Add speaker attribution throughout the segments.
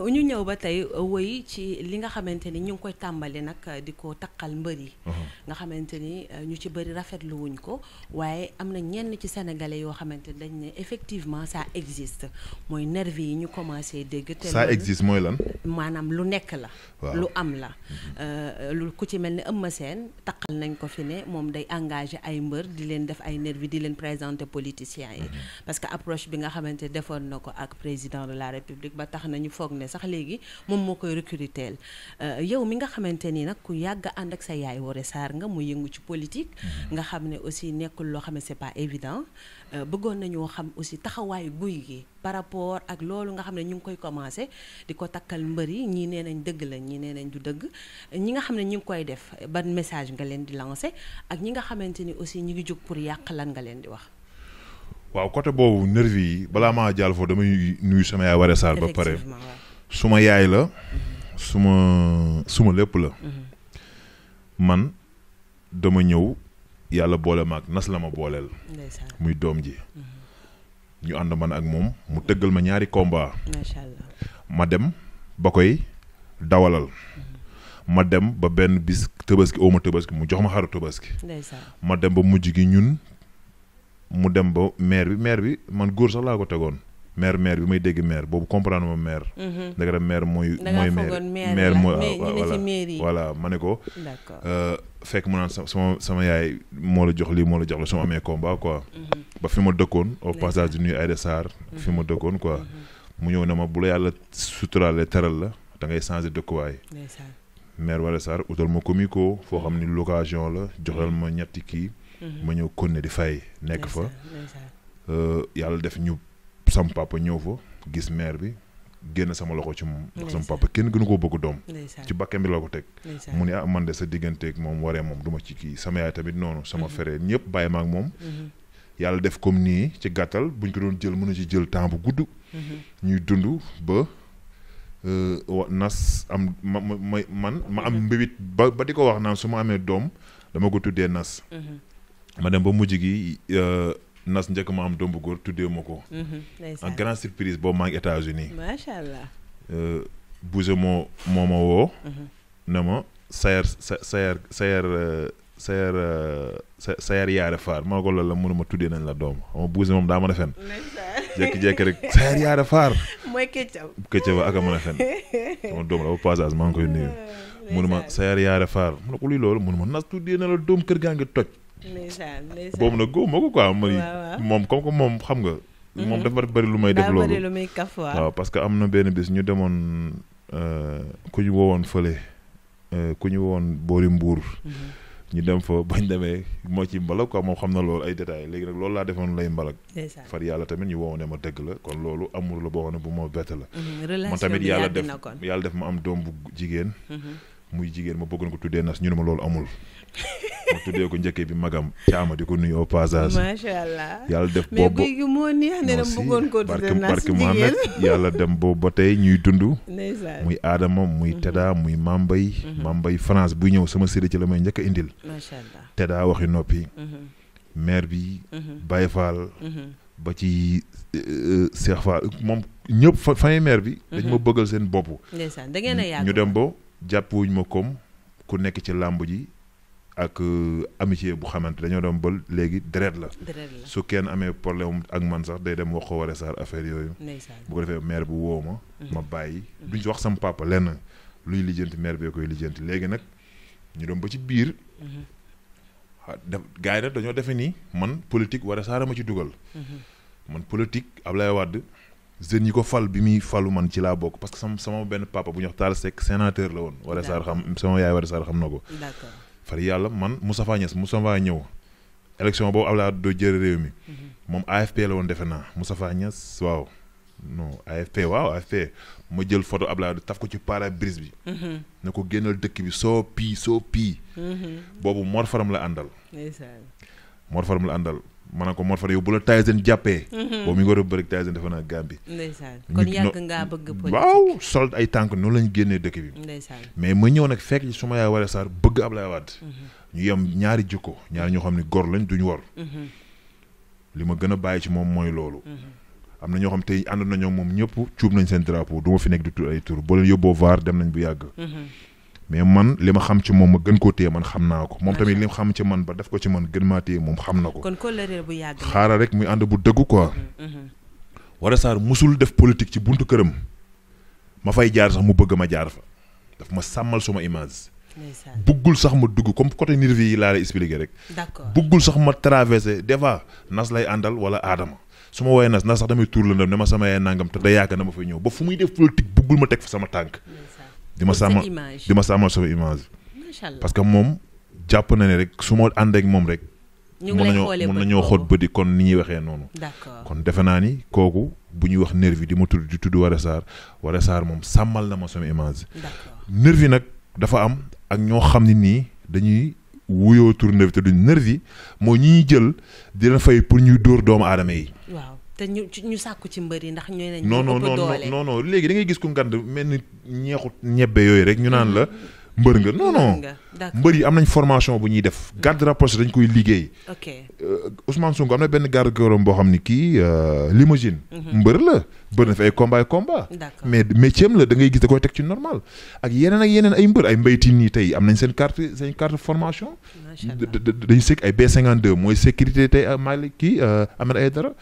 Speaker 1: ñu ñu ñëw ba tey euh, woy ci li nga xamante ni ñu ngi koy tàmbali nag euh, di ko taqal mbër yi mhm. nga xamante ni euh, ñu ci bëri rafetlu wuñ ko waaye am na ñenn ci sénégalais yoo xamante ni dañ ne effectivement ça existe mooy nervi yi ñu commencé dégg te ça mooy lan maanaam lu nekk la lu am la mhm. lu ku ci mel ni Eumeu Sène taqal nañ ko fi ne moom day engagé ay mbër di leen def ay nervi di leen présenter politiciens yi mhm. parce approche bi nga xamante defoon na ko ak président de ne sax léegi moom moo koy recruter euh, yow mi nga xamante ni nag ku yàgg ànd ak sa yaay Woré saar nga mu yëngu ci politique mm-hmm. nga xam ne aussi nekkul loo xam ne c'est pas évident euh, bëggoon nañoo xam aussi taxawaayu guy gi par rapport ak loolu nga xam ne ñu ngi koy commencé di ko takkal mbër yi ñii nee nañ dëgg la ñii nee nañ du dëgg ñi nga xam ne ñu ngi koy def ban message nga leen di lancé ak ñi nga xamante ni aussi ñu ngi jóg pour yàq lan nga leen di wax
Speaker 2: waaw côté boobu nervi yi balaa maa jàll foofu damay nuyu sama yaay Woré Sarr ba pare suma yaay la suma suma lépp la mm-hmm. man dama ñëw yàlla boole ma ak nas la ma booleel muy doom ji mm-hmm. ñu ànd man ak moom mu tëggal ma ñaari combat ma dem ba koy dawalal mm-hmm. ma dem ba benn bis tëbaski oo ma tëbaski mu jox ma xaru tëbaski ma dem ba mujj gi ñun mu dem ba maire bi maire bi man góor sax laa ko tegoon maire maire bi may dégg maire boobu comprendre ma maire. Mhm. danga dem maire mooy. mooy maire maire mooy ah, voilà ma ne ko. Euh, fekk ma naan sama sama yaay moo la jox lii moo la jox la su ma amee combat quoi. Mhm. ba fi ma dëkkoon au passage du nuyu Aïda Sarr. Mhm. fi ma dëkkoon quoi. mu ñëw ne ma bu la yàlla suturaale teral la da ngay changer dëkkuwaay. maire wala Sarr utal ma comico foo xam ni location la joxal ma ñetti kii. ma ñëw konne di fay. nekk fa euh, yàlla def ñu. sam papa ñëw fa gis maire bi génn sama loxo ci moom sama papa kenn gunu koo bëgg doom ci bakkan bi la ko teg mu ni ah man de sa digganteek moom waree moom du ci kii sama yaay tamit noonu sama mhm. fere ñëpp bàyyi maak moom mhm. yàlla def comme nii ci gàttal buñ ko doon jël mënu ci jël temps bu gudd mhm. ñuy dund ba euh, nas am ma ma man ma am mbébit ba ba di ko wax naan su ma amee doom dama ko tuddee nas ma dem ba mujj gi euh, nas njëkk ma am doom bu tuddee ma ko. Mhm, en grande surprise boobu maa ngi États-Unis. macha euh, moo moo ma woo. Mhm. na ma Sayar euh, euh, sa Sayar Sayar Sayar Sayar Yaare Faar tuddee nañ la doom xam nga Bouger moom daa mën a fen. Sayar Yaare Faar. mooy Këccëg.
Speaker 1: Këccëg ba ak a mën a fen. sama doom
Speaker 2: la au passage maa ngi koy nuyu. mënuma Sayar Yaare Faar mu ne ko luy loolu mënuma nas tuddee na la doom kër gaa ngi toj. boobu nag góob ma ko quoi mooy moom comme que moom xam nga. Mhm. moom dafa bari lu may def loolu waaw parce que am na benn bis ñu demoon euh, ku ñu woowoon fële euh, ku ñu woowoon boori mbuur. Mhm. ñu dem fa bañ demee moo ci mbalak quoi moom xam na loolu ay détails léegi nag loolu laa defoon lay mbalak far yàlla tamit ñu woo ne ma dëgg la kon loolu amul la boo xam ne bu ma bett la. man mhm, tamit yàlla def yàlla def ma am doom bu jigéen. muy jigéen ma bëggoon ko tuddee nas ñu ne ma loolu amul ma tuddee ko njëkkee bi magam caama di ko nuyu au
Speaker 1: yàlla def boobu mais moo neex ne dama bëggoon
Speaker 2: yàlla dem boobu ba tey ñuy dund. muy Adama muy mhm. Teda muy Mambay. Mhm. Mambay France buy ñëw sama séddee ci la may njëkk indil. macha allah Teda waxi noppi. Mhm. maire bi. Baye Fall. ba ci euh, euh, Cheikh Fall moom ñëpp fa maire bi. dañ ma bëggal seen bopp. da ñu dem bo jàpp jàppewuñ ma comme ku nekk ci làmb ji ak euh, amitié bu xamante dañoo dem ba léegi deret la. su kenn amee problème ak man sax day dem wax ko Woré Sarr affaire yooyu. bu ko defee maire bu woo ma. ma mhm. bàyyi mhm. duñ si wax sama papa lenn luy lijjanti maire bee koy lijjanti léegi nag ñu dem ba ci biir. Mhm. def gars yi nag dañoo defe ni man politique Woré Sarr ma ci dugal. man politique Ablaye Wade. jeunes yi ko fal bi muy falu man ci laa bokk parce que sama sama benn papa bu ñu wax Talla sénateur la woon. wala saar xam sama yaay wala saar xam na ko. d'accord far yàlla man Moustapha Niasse Moustapha ñëw. élection boobu Abdoulaye doo jël réew mi. Mhm. moom AFP la woon defe naa Moustapha Niasse waaw. non AFP waaw AFP ma jël photo Abdoulaye Wade taf ko ci pare-brise bi. Mhm. ne ko génnal dëkk bi soo pii soo pii. Mhm. boobu Mor Faram la àndal. Mor Fadam la àndal ma ne ko Mor Fadam yow bu la Tyson jàppee. Mhm. boobu mi ngi war a bëri Tyson defe naa Gambie. ndeysaan kon yàgg ngaa bëgg. politique waaw sol ay tànk noonu lañu génnee dëkk bi. mais ma ñëw nag fekk su ma yaay waree Sarr bëgg Ablaye Wade. Mhm. ñu yem ñaari jikko ñaari ñoo xam ni góor lañ duñu war. Mhm. li ma gën a bàyyi ci moom mooy loolu. am na ñoo xam tey ànd nañoo moom ñëpp cuub nañ seen drapeau du ma fi nekk di tur ay tur boo yóbboo vaar dem bu yàgg. mais man li ma xam ci moom ma gën koo téye man xam naa ko moom tamit li ma xam ci man ba def ko ci man gën maa téye moom xam na ko kon
Speaker 1: kóllëre bu yàgg
Speaker 2: xaaral rek muy ànd bu dëggu ko mm-hmm, mm-hmm. Wara Sarr musul def politique ci buntu këram ma fay jaar sax mu bëgg ma jaar fa daf ma sàmmal suma image buggul sax ma dugg comme côté nervi yi laa lay expliqué rek buggul sax ma traversé des fois nas lay àndal wala aadama su ma woowee nas nas sax damay tuur la ndam ne ma sama yaay nangam te da na ma fay ñëw ba fu muy def politique ma teg fa sama tànk di ma sàmm di ma sàmmal sama image parce que moom jàpp na ne rek su ma ànd ak moom rek mun na mun nañoo xool bëdi kon ni ñuy waxee noonu kon defe naa ni kooku bu ñuy wax nervi di ma tudd di tudd Wara Sarr Wara saar moom sàmmal na ma sama image nervi nag dafa am ak ñoo xam ne nii dañuy wuyoo tur nervi te duñ nervi mooy ñi ñuy jël dina fay pour ñuy dóor doomu aadama yi
Speaker 1: te ñu ñu sàkku ci mbër yi ndax ñooy lañ. non non
Speaker 2: non non léegi da ngay gis ku ngand mel ni ñeexu ñebbe yooyu rek ñu naan la. Mm-hmm. mbër nga non mbër yi am nañ formation bu ñuy def garde rapproché dañ koy liggéey ok euh, Ousmane Sonko am na benn garde góoram boo xam ni kii euh, limousine mhm. mbër la bër na fi ay combat ay combat mais métier am la da ngay gis da koy teg ci normal ak yeneen ak yeneen ay mbër ay mbaytin yi tey am nañ seen carte seen carte formation dañu sekk ay b de mooy sécurité tey euh, maali kii Ahmed Aïdara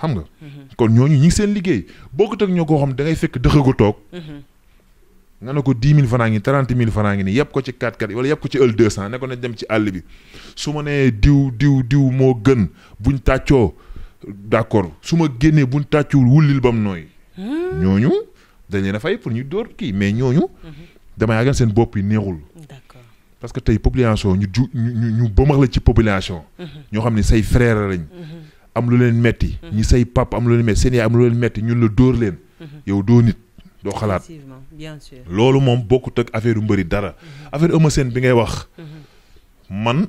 Speaker 2: xam nga mhm. kon ñooñu ñi ngi seen liggéey boo ko ak ñoo koo xam da ngay fekk ko toog mhm. nga ne ko dix mille francs ngi trente mille francs ngi nii yëpp ko ci 4-4 wala yëpp ko ci ëll deux cent ne ko nañ dem ci àll bi su ma nee diw diw diw moo gën buñ tàccoo d'accord su ma génnee buñ tàccuwul wullil bam nooy hmm. ñooñu dañ leen a fay pour ñu dóor kii mais ñooñu mhm. dama yàggan seen bopp yi neexul parce que tey population ñu ju ñu ñu bëmax la ci population mhm. ñoo xam ne say frère lañ mhm. am lu leen metti ñi say pap am lu leen metti seen yaay am lu leen metti ñun la dóor leen yow doo doo xalaat bien sûr loolu moom bokk ak affaire yu mbëri dara. Mm-hmm. affaire Eumeu Sène bi ngay wax. Mm-hmm. man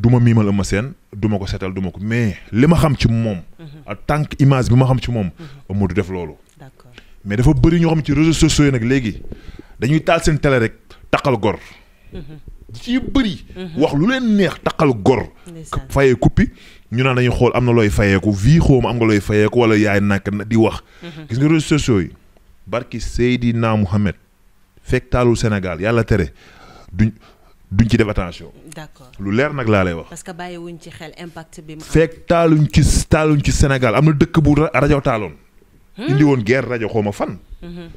Speaker 2: du ma miimal Eumeu Sène du ko seetal duma ko mais li ma xam ci moom. Mm-hmm. en tant image bi ma xam ci moom. Eumeu du def loolu. d'accord mais dafa bëri ñoo xam ci réseaux sociaux yi nag léegi dañuy taal seen télé rek taqal gor. ci bëri. wax lu leen neex taqal gor. fayee kuppi ñu naan dañuy xool am na looy fayeeku vie xaw am nga looy fayeeku wala yaay nak di wax. gis nga réseaux sociaux barki Seydina Mohamed fekk taalul senegal yàlla tere duñ duñ ci def attention. lu leer nag laa lay wax.
Speaker 1: parce que bàyyiwuñ ci xel impact bi. fekk
Speaker 2: taaluñ ci taaluñ ci Sénégal am na dëkk bu rajo taaloon. Hmm? indi woon guerre rajo xaw fan. Mhm.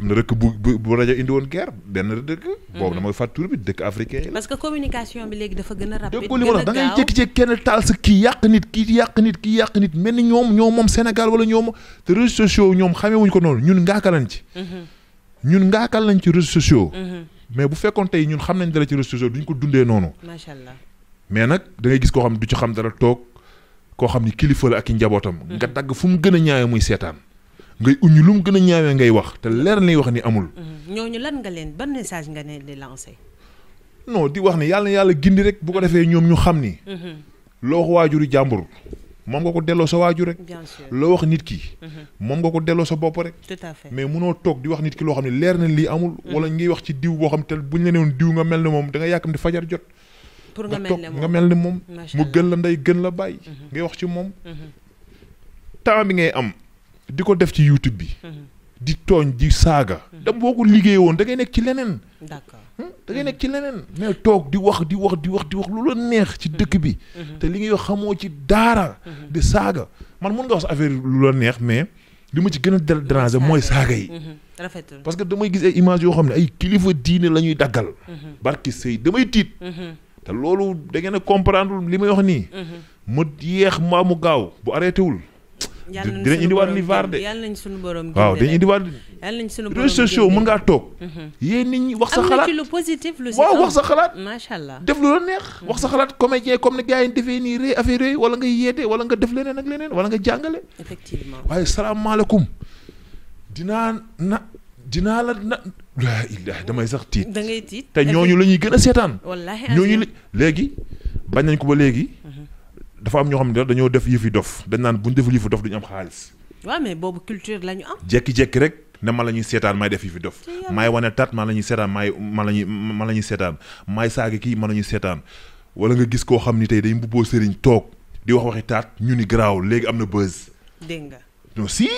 Speaker 2: am na rëkk bu bu bu rajo indi woon benn dëkk. boobu damay mhm. fàtt tur bi dëkk africain yi.
Speaker 1: que communication bi léegi dafa gën a rapide.
Speaker 2: kenn taal sa kii yàq nit kii yàq nit kii yàq nit mel ni ñoom ñoom moom Sénégal wala ñoom te réseaux sociaux ñoom xamee wuñ ko noonu ñun ngaaka lañ ci. Mhm. ñun ngaakal lañ ci réseaux sociaux. Mhm. mais bu fekkoon tey ñun xam nañ dara ci réseaux sociaux duñ ko dundee noonu. macha allah mais nag dangay gis koo xam du ci xam dara toog koo xam n kilifa ak i njabootam. dagg fu mu gën a ñaawe muy seetaan ngay uñu lu mu gën a ñaawee ngay wax te leer lay wax ni amul.
Speaker 1: Mm-hmm. ñooñu lan nga leen ban message nga leen di lancer.
Speaker 2: non di wax ne yàlla yàlla gindi rek bu ko defee ñoom ñu xam ni. Mm-hmm. loo wax waajuru jàmbur moom nga ko delloo sa waajur rek. loo wax nit ki. Mm-hmm. moom nga ko delloo sa bopp rek. tout à fait mais munoo toog di wax nit ki loo xam ne leer na lii amul. wala ngay wax ci diw boo xam te bu la newoon diw nga mel ne moom da nga di fajar jot. pour nga mel ne moom nga mel ne moom. mu gën la ndey gën la bàyyi. ngay wax ci moom. temps bi ngay am. di ko def ci YouTube bi. Mhm. di tooñ di saaga. da mhm. boo ko liggéey woon da ngay nekk ci leneen. d'accord hmm? da ngay nekk ci leneen. mais toog di wax di wax di wax di wax lu la neex ci mhm. dëkk bi. te li ngay wax xamoo ci daara. di man mun nga affaire lu la neex mais. li ma ci gën a déranger mooy saaga yi. rafetul parce que damay gis ay images yoo xam ne ay kilifa diine la ñuy daggal. barki sëy damay tiit. te loolu da ngeen a comprendre li may wax nii. mu yéex mbaa mu gaaw bu arrêté wul.
Speaker 1: dinañ indiwaat li vaar de yàlla nañ suñu borom waaw dinañ indiwaat yàlla nañ suñu borom réseaux sociaux mën ngaa toog mhm.
Speaker 2: yéen nit wax sa xalaat waaw wax sa xalaat def lu la neex mhm. wax sa xalaat comédien comme ne gars yi defee nii ré affaire yooyu wala nga yeete wala nga def leneen ak leneen wala nga jàngale effectivement waaye salaamaaleykum dinaa na dinaa la na laa illah damay sax tiit da ngay te ñooñu la ñuy gën a seetaan wallaahi ñooñu la léegi bañ nañ ko ba léegi dafa am ñoo xam ne dañoo def yëfi dof dañ naan bu ñu deful yëfi dof duñu am xaalis.
Speaker 1: waaw mais boobu culture la
Speaker 2: jékki-jékki rek ne ma la ñuy seetaan maay def yëfi dof. maay wane tat ma la ñuy seetaan maay ma la ñuy ma la ñuy seetaan maay saagi kii ma la ñuy seetaan wala nga gis koo xam ni tey day mbubboo sëriñ toog di wax waxi taat ñu ni garaaw léegi am na buzz. dégg nga non si.